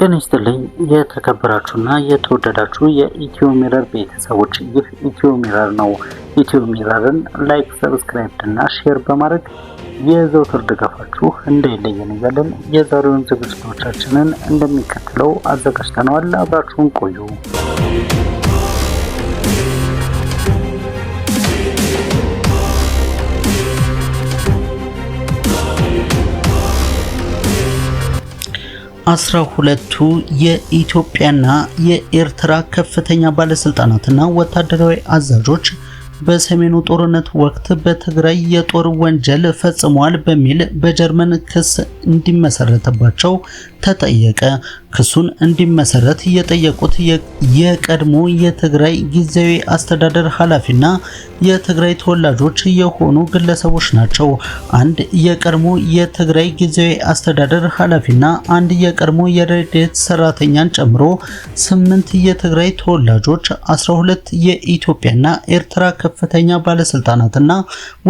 ጤና ይስጥልኝ የተከበራችሁና የተወደዳችሁ የኢትዮ ሚረር ቤተሰቦች፣ ይህ ኢትዮ ሚረር ነው። ኢትዮ ሚረርን ላይክ፣ ሰብስክራይብ እና ሼር በማድረግ የዘውትር ድጋፋችሁ እንዳይለየን እያለን የዛሬውን ዝግጅቶቻችንን እንደሚከተለው አዘጋጅተነዋል። አብራችሁን ቆዩ። አስራ ሁለቱ የኢትዮጵያና የኤርትራ ከፍተኛ ባለስልጣናትና ወታደራዊ አዛዦች በሰሜኑ ጦርነት ወቅት በትግራይ የጦር ወንጀል ፈጽሟል በሚል በጀርመን ክስ እንዲመሰረትባቸው ተጠየቀ። ክሱን እንዲመሰረት የጠየቁት የቀድሞ የትግራይ ጊዜያዊ አስተዳደር ኃላፊና የትግራይ ተወላጆች የሆኑ ግለሰቦች ናቸው። አንድ የቀድሞ የትግራይ ጊዜያዊ አስተዳደር ኃላፊና አንድ የቀድሞ የረድኤት ሰራተኛን ጨምሮ ስምንት የትግራይ ተወላጆች 12 የኢትዮጵያና ኤርትራ ከፍተኛ ባለስልጣናትና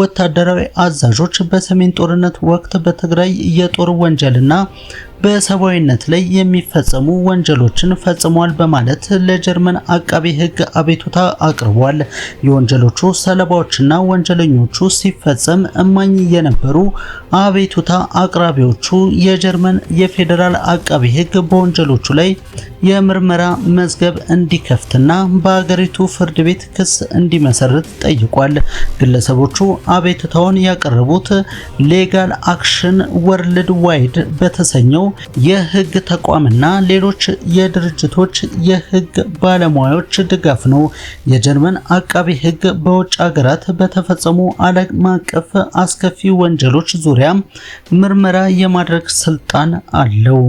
ወታደራዊ አዛዦች በሰሜን ጦርነት ወቅት በትግራይ የጦር ወንጀልና በሰብአዊነት ላይ የሚፈጸሙ ወንጀሎችን ፈጽሟል በማለት ለጀርመን አቃቤ ሕግ አቤቱታ አቅርቧል። የወንጀሎቹ ሰለባዎችና ወንጀለኞቹ ሲፈጸም እማኝ የነበሩ አቤቱታ አቅራቢዎቹ የጀርመን የፌዴራል አቃቤ ሕግ በወንጀሎቹ ላይ የምርመራ መዝገብ እንዲከፍትና በአገሪቱ ፍርድ ቤት ክስ እንዲመሰርት ጠይቋል። ግለሰቦቹ አቤቱታውን ያቀረቡት ሌጋል አክሽን ወርልድ ዋይድ በተሰኘው የህግ ተቋምና ሌሎች የድርጅቶች የህግ ባለሙያዎች ድጋፍ ነው። የጀርመን አቃቢ ህግ በውጭ ሀገራት በተፈጸሙ ዓለም አቀፍ አስከፊ ወንጀሎች ዙሪያ ምርመራ የማድረግ ስልጣን አለው።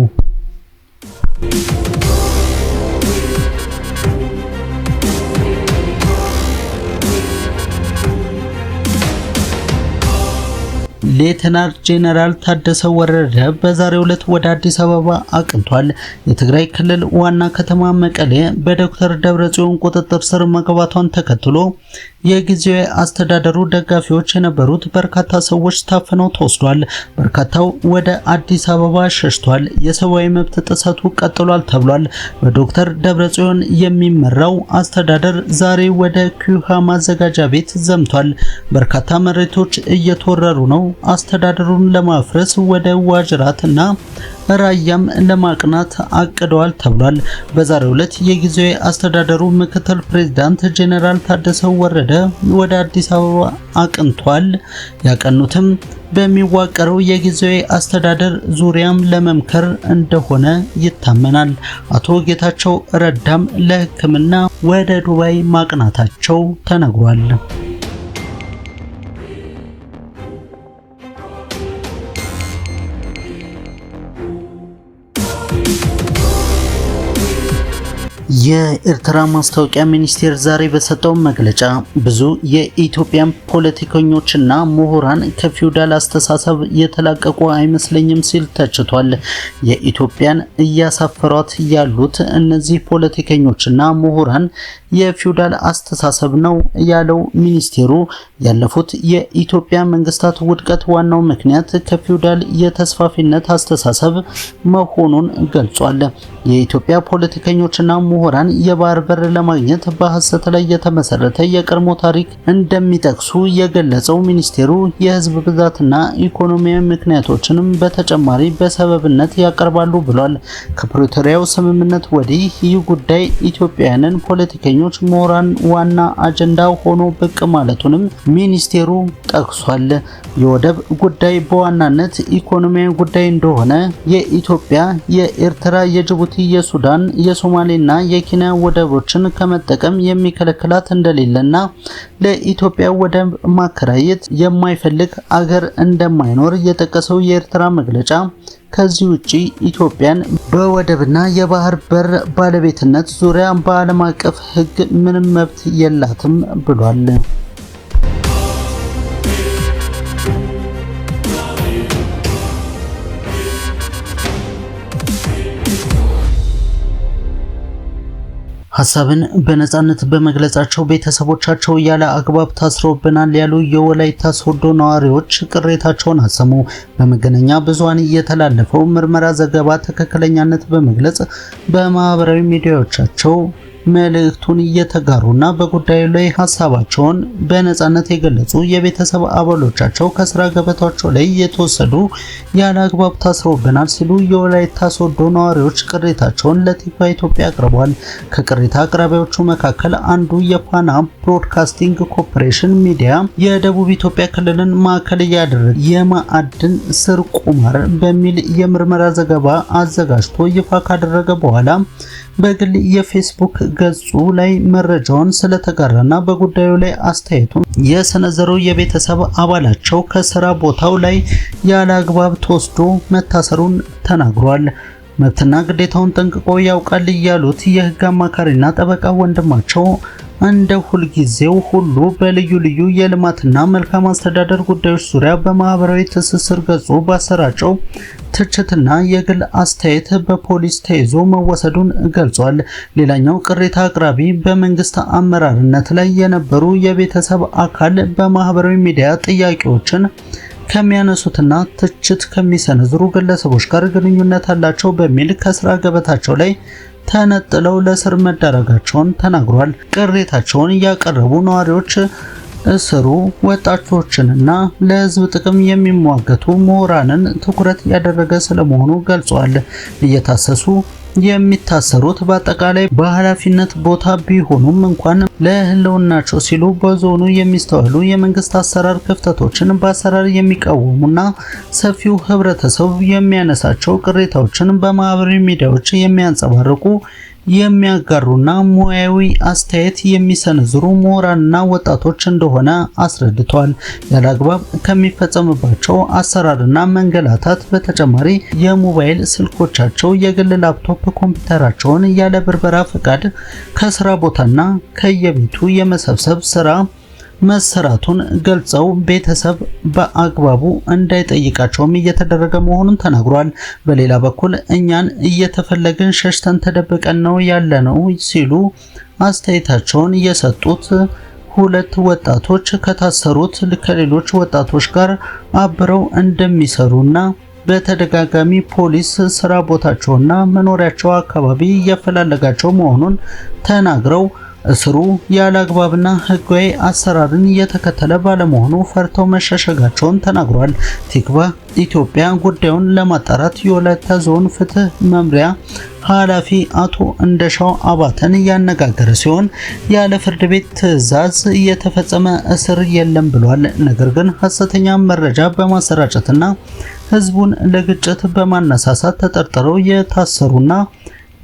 ሌተናል ጄኔራል ታደሰ ወረደ በዛሬው ዕለት ወደ አዲስ አበባ አቅንቷል። የትግራይ ክልል ዋና ከተማ መቀሌ በዶክተር ደብረጽዮን ቁጥጥር ስር መግባቷን ተከትሎ የጊዜያዊ አስተዳደሩ ደጋፊዎች የነበሩት በርካታ ሰዎች ታፍነው ተወስዷል። በርካታው ወደ አዲስ አበባ ሸሽቷል። የሰብአዊ መብት ጥሰቱ ቀጥሏል ተብሏል። በዶክተር ደብረጽዮን የሚመራው አስተዳደር ዛሬ ወደ ኩሃ ማዘጋጃ ቤት ዘምቷል። በርካታ መሬቶች እየተወረሩ ነው። አስተዳደሩን ለማፍረስ ወደ ዋጅራት እና ራያም ለማቅናት አቅደዋል ተብሏል። በዛሬው ዕለት የጊዜያዊ አስተዳደሩ ምክትል ፕሬዝዳንት ጄኔራል ታደሰ ወረደ ወደ አዲስ አበባ አቅንቷል። ያቀኑትም በሚዋቀረው የጊዜያዊ አስተዳደር ዙሪያም ለመምከር እንደሆነ ይታመናል። አቶ ጌታቸው ረዳም ለሕክምና ወደ ዱባይ ማቅናታቸው ተነግሯል። የኤርትራ ማስታወቂያ ሚኒስቴር ዛሬ በሰጠው መግለጫ ብዙ የኢትዮጵያን ፖለቲከኞችና ምሁራን ከፊውዳል አስተሳሰብ የተላቀቁ አይመስለኝም ሲል ተችቷል። የኢትዮጵያን እያሳፈሯት ያሉት እነዚህ ፖለቲከኞችና ምሁራን የፊውዳል አስተሳሰብ ነው ያለው ሚኒስቴሩ፣ ያለፉት የኢትዮጵያ መንግስታት ውድቀት ዋናው ምክንያት ከፊውዳል የተስፋፊነት አስተሳሰብ መሆኑን ገልጿል። የኢትዮጵያ ፖለቲከኞችና ምሁራን መምህራን የባህር በር ለማግኘት በሐሰት ላይ የተመሰረተ የቀድሞ ታሪክ እንደሚጠቅሱ የገለጸው ሚኒስቴሩ የህዝብ ብዛትና ኢኮኖሚያዊ ምክንያቶችንም በተጨማሪ በሰበብነት ያቀርባሉ ብሏል። ከፕሪቶሪያው ስምምነት ወዲህ ይህ ጉዳይ ኢትዮጵያውያንን ፖለቲከኞች፣ ምሁራን ዋና አጀንዳ ሆኖ ብቅ ማለቱንም ሚኒስቴሩ ጠቅሷል። የወደብ ጉዳይ በዋናነት ኢኮኖሚያዊ ጉዳይ እንደሆነ የኢትዮጵያ፣ የኤርትራ፣ የጅቡቲ፣ የሱዳን፣ የሶማሌና መኪና ወደቦችን ከመጠቀም የሚከለክላት እንደሌለና ለኢትዮጵያ ወደብ ማከራየት የማይፈልግ አገር እንደማይኖር የጠቀሰው የኤርትራ መግለጫ ከዚህ ውጪ ኢትዮጵያን በወደብና የባህር በር ባለቤትነት ዙሪያ በዓለም አቀፍ ሕግ ምንም መብት የላትም ብሏል። ሀሳብን በነጻነት በመግለጻቸው ቤተሰቦቻቸው ያለ አግባብ ታስረውብናል ያሉ የወላይታ ሶዶ ነዋሪዎች ቅሬታቸውን አሰሙ። በመገናኛ ብዙሃን የተላለፈው ምርመራ ዘገባ ትክክለኛነት በመግለጽ በማህበራዊ ሚዲያዎቻቸው መልእክቱን እየተጋሩና በጉዳዩ ላይ ሀሳባቸውን በነጻነት የገለጹ የቤተሰብ አባሎቻቸው ከስራ ገበታቸው ላይ እየተወሰዱ ያለ አግባብ ታስረውብናል ሲሉ የወላይታ ሶዶ ነዋሪዎች ቅሬታቸውን ለቲፋ ኢትዮጵያ አቅርቧል። ከቅሬታ አቅራቢዎቹ መካከል አንዱ የፋና ብሮድካስቲንግ ኮርፖሬሽን ሚዲያ የደቡብ ኢትዮጵያ ክልልን ማዕከል እያደረገ የማዕድን ስር ቁማር በሚል የምርመራ ዘገባ አዘጋጅቶ ይፋ ካደረገ በኋላ በግል የፌስቡክ ገጹ ላይ መረጃውን ስለተጋራና በጉዳዩ ላይ አስተያየቱን የሰነዘሩ የቤተሰብ አባላቸው ከስራ ቦታው ላይ ያለ አግባብ ተወስዶ መታሰሩን ተናግሯል። መብትና ግዴታውን ጠንቅቆ ያውቃል ያሉት የህግ አማካሪና ጠበቃ ወንድማቸው እንደ ሁልጊዜው ሁሉ በልዩ ልዩ የልማትና መልካም አስተዳደር ጉዳዮች ዙሪያ በማህበራዊ ትስስር ገጹ ባሰራጨው ትችትና የግል አስተያየት በፖሊስ ተይዞ መወሰዱን ገልጿል። ሌላኛው ቅሬታ አቅራቢ በመንግስት አመራርነት ላይ የነበሩ የቤተሰብ አካል በማህበራዊ ሚዲያ ጥያቄዎችን ከሚያነሱትና ትችት ከሚሰነዝሩ ግለሰቦች ጋር ግንኙነት አላቸው በሚል ከስራ ገበታቸው ላይ ተነጥለው ለእስር መዳረጋቸውን ተናግሯል። ቅሬታቸውን ያቀረቡ ነዋሪዎች እስሩ ወጣቶችንና ለህዝብ ጥቅም የሚሟገቱ ምሁራንን ትኩረት ያደረገ ስለመሆኑ ገልጿል። እየታሰሱ የሚታሰሩት በአጠቃላይ በኃላፊነት ቦታ ቢሆኑም እንኳን ለህልውናቸው ሲሉ በዞኑ የሚስተዋሉ የመንግስት አሰራር ክፍተቶችን በአሰራር የሚቃወሙና ሰፊው ህብረተሰብ የሚያነሳቸው ቅሬታዎችን በማህበራዊ ሚዲያዎች የሚያንጸባርቁ የሚያጋሩና ሙያዊ አስተያየት የሚሰነዝሩ ምሁራንና ወጣቶች እንደሆነ አስረድቷል። ያለ አግባብ ከሚፈጸምባቸው አሰራርና መንገላታት በተጨማሪ የሞባይል ስልኮቻቸው፣ የግል ላፕቶፕ ኮምፒውተራቸውን ያለ ብርበራ ፈቃድ ከስራ ቦታና ከየቤቱ የመሰብሰብ ስራ መሰራቱን ገልጸው ቤተሰብ በአግባቡ እንዳይጠይቃቸውም እየተደረገ መሆኑን ተናግሯል። በሌላ በኩል እኛን እየተፈለግን ሸሽተን ተደብቀን ነው ያለነው ሲሉ አስተያየታቸውን የሰጡት ሁለት ወጣቶች ከታሰሩት ከሌሎች ወጣቶች ጋር አብረው እንደሚሰሩና በተደጋጋሚ ፖሊስ ስራ ቦታቸውና መኖሪያቸው አካባቢ እያፈላለጋቸው መሆኑን ተናግረው እስሩ ያለ አግባብና ህጋዊ አሰራርን እየተከተለ ባለመሆኑ ፈርተው መሸሸጋቸውን ተናግሯል። ቲክቫ ኢትዮጵያ ጉዳዩን ለማጣራት የወላይታ ዞን ፍትህ መምሪያ ኃላፊ አቶ እንደሻው አባተን እያነጋገረ ሲሆን ያለ ፍርድ ቤት ትዕዛዝ እየተፈጸመ እስር የለም ብሏል። ነገር ግን ሀሰተኛ መረጃ በማሰራጨትና ህዝቡን ለግጭት በማነሳሳት ተጠርጥረው የታሰሩና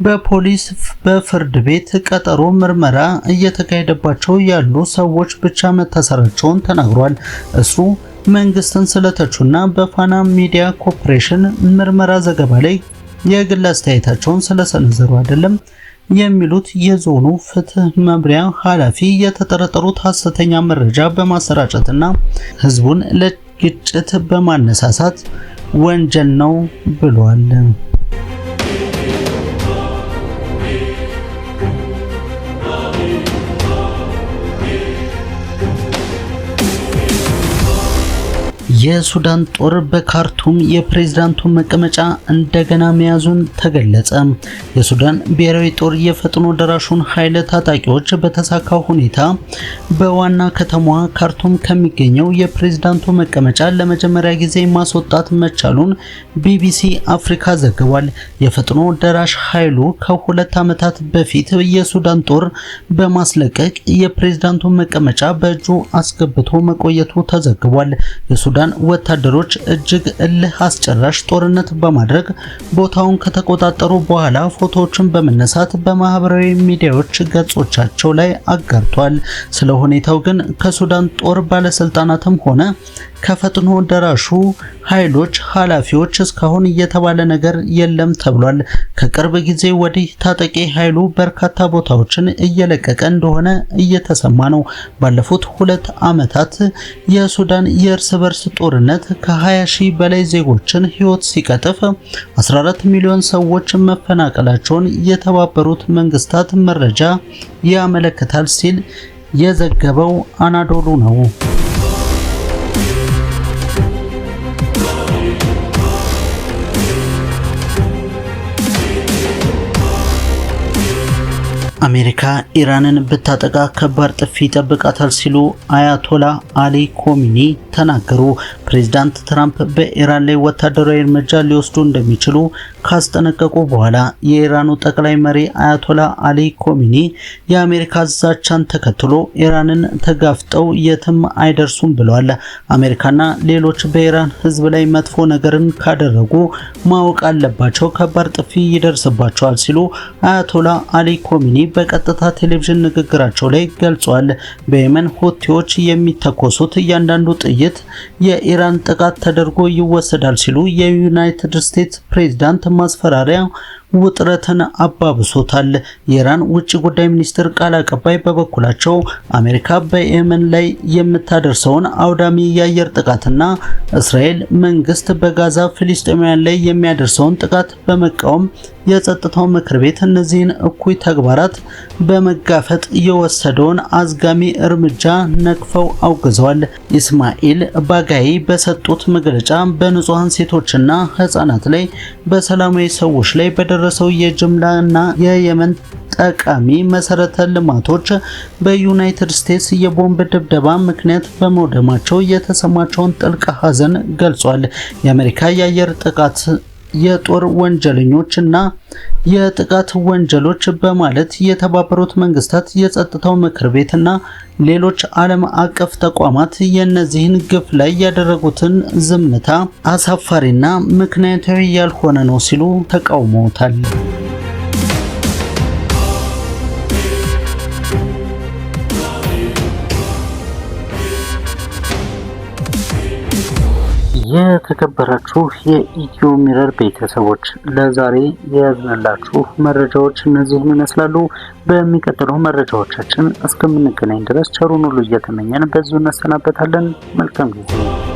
በፖሊስ በፍርድ ቤት ቀጠሮ ምርመራ እየተካሄደባቸው ያሉ ሰዎች ብቻ መታሰራቸውን ተናግሯል። እሱ መንግስትን ስለተቹና በፋና ሚዲያ ኮርፖሬሽን ምርመራ ዘገባ ላይ የግል አስተያየታቸውን ስለሰነዘሩ አይደለም የሚሉት የዞኑ ፍትህ መምሪያ ኃላፊ የተጠረጠሩት ሐሰተኛ መረጃ በማሰራጨትና ህዝቡን ለግጭት በማነሳሳት ወንጀል ነው ብሏል። የሱዳን ጦር በካርቱም የፕሬዝዳንቱ መቀመጫ እንደገና መያዙን ተገለጸ። የሱዳን ብሔራዊ ጦር የፈጥኖ ደራሹን ኃይል ታጣቂዎች በተሳካ ሁኔታ በዋና ከተማዋ ካርቱም ከሚገኘው የፕሬዝዳንቱ መቀመጫ ለመጀመሪያ ጊዜ ማስወጣት መቻሉን ቢቢሲ አፍሪካ ዘግቧል። የፈጥኖ ደራሽ ኃይሉ ከሁለት ዓመታት በፊት የሱዳን ጦር በማስለቀቅ የፕሬዝዳንቱን መቀመጫ በእጁ አስገብቶ መቆየቱ ተዘግቧል። የሱዳን ወታደሮች እጅግ እልህ አስጨራሽ ጦርነት በማድረግ ቦታውን ከተቆጣጠሩ በኋላ ፎቶዎችን በመነሳት በማህበራዊ ሚዲያዎች ገጾቻቸው ላይ አጋርቷል። ስለ ሁኔታው ግን ከሱዳን ጦር ባለስልጣናትም ሆነ ከፈጥኖ ደራሹ ኃይሎች ኃላፊዎች እስካሁን የተባለ ነገር የለም ተብሏል። ከቅርብ ጊዜ ወዲህ ታጠቂ ኃይሉ በርካታ ቦታዎችን እየለቀቀ እንደሆነ እየተሰማ ነው። ባለፉት ሁለት ዓመታት የሱዳን የእርስ በርስ ጦርነት ከ20 ሺህ በላይ ዜጎችን ሕይወት ሲቀጥፍ 14 ሚሊዮን ሰዎች መፈናቀላቸውን የተባበሩት መንግስታት መረጃ ያመለክታል ሲል የዘገበው አናዶሉ ነው። አሜሪካ ኢራንን ብታጠቃ ከባድ ጥፊ ይጠብቃታል ሲሉ አያቶላ አሊ ኮሚኒ ተናገሩ። ፕሬዚዳንት ትራምፕ በኢራን ላይ ወታደራዊ እርምጃ ሊወስዱ እንደሚችሉ ካስጠነቀቁ በኋላ የኢራኑ ጠቅላይ መሪ አያቶላ አሊ ኮሚኒ የአሜሪካ ዛቻን ተከትሎ ኢራንን ተጋፍጠው የትም አይደርሱም ብለዋል። አሜሪካና ሌሎች በኢራን ሕዝብ ላይ መጥፎ ነገርን ካደረጉ ማወቅ አለባቸው፣ ከባድ ጥፊ ይደርስባቸዋል ሲሉ አያቶላ አሊ ኮሚኒ በቀጥታ ቴሌቪዥን ንግግራቸው ላይ ገልጿል። በየመን ሆቴዎች የሚተኮሱት እያንዳንዱ ጥይት የኢራን ጥቃት ተደርጎ ይወሰዳል ሲሉ የዩናይትድ ስቴትስ ፕሬዝዳንት ማስፈራሪያ ውጥረትን አባብሶታል። የኢራን ውጭ ጉዳይ ሚኒስትር ቃል አቀባይ በበኩላቸው አሜሪካ በየመን ላይ የምታደርሰውን አውዳሚ የአየር ጥቃትና እስራኤል መንግስት በጋዛ ፍልስጤማውያን ላይ የሚያደርሰውን ጥቃት በመቃወም የጸጥታው ምክር ቤት እነዚህን እኩይ ተግባራት በመጋፈጥ የወሰደውን አዝጋሚ እርምጃ ነቅፈው አውግዘዋል። ኢስማኤል ባጋይ በሰጡት መግለጫ በንጹሐን ሴቶችና ህጻናት ላይ በሰላማዊ ሰዎች ላይ በደረ የደረሰው የጅምላ እና የየመን ጠቃሚ መሰረተ ልማቶች በዩናይትድ ስቴትስ የቦምብ ድብደባ ምክንያት በመውደማቸው የተሰማቸውን ጥልቅ ሐዘን ገልጿል። የአሜሪካ የአየር ጥቃት የጦር ወንጀለኞች እና የጥቃት ወንጀሎች በማለት የተባበሩት መንግስታት የጸጥታው ምክር ቤት እና ሌሎች ዓለም አቀፍ ተቋማት የእነዚህን ግፍ ላይ ያደረጉትን ዝምታ አሳፋሪና ምክንያታዊ ያልሆነ ነው ሲሉ ተቃውመውታል። የተከበራችሁ የኢትዮ ሚረር ቤተሰቦች ለዛሬ የያዝንላችሁ መረጃዎች እነዚህን ይመስላሉ። በሚቀጥሉ መረጃዎቻችን እስከምንገናኝ ድረስ ቸሩን ሁሉ እየተመኘን በዚሁ እንሰናበታለን። መልካም ጊዜ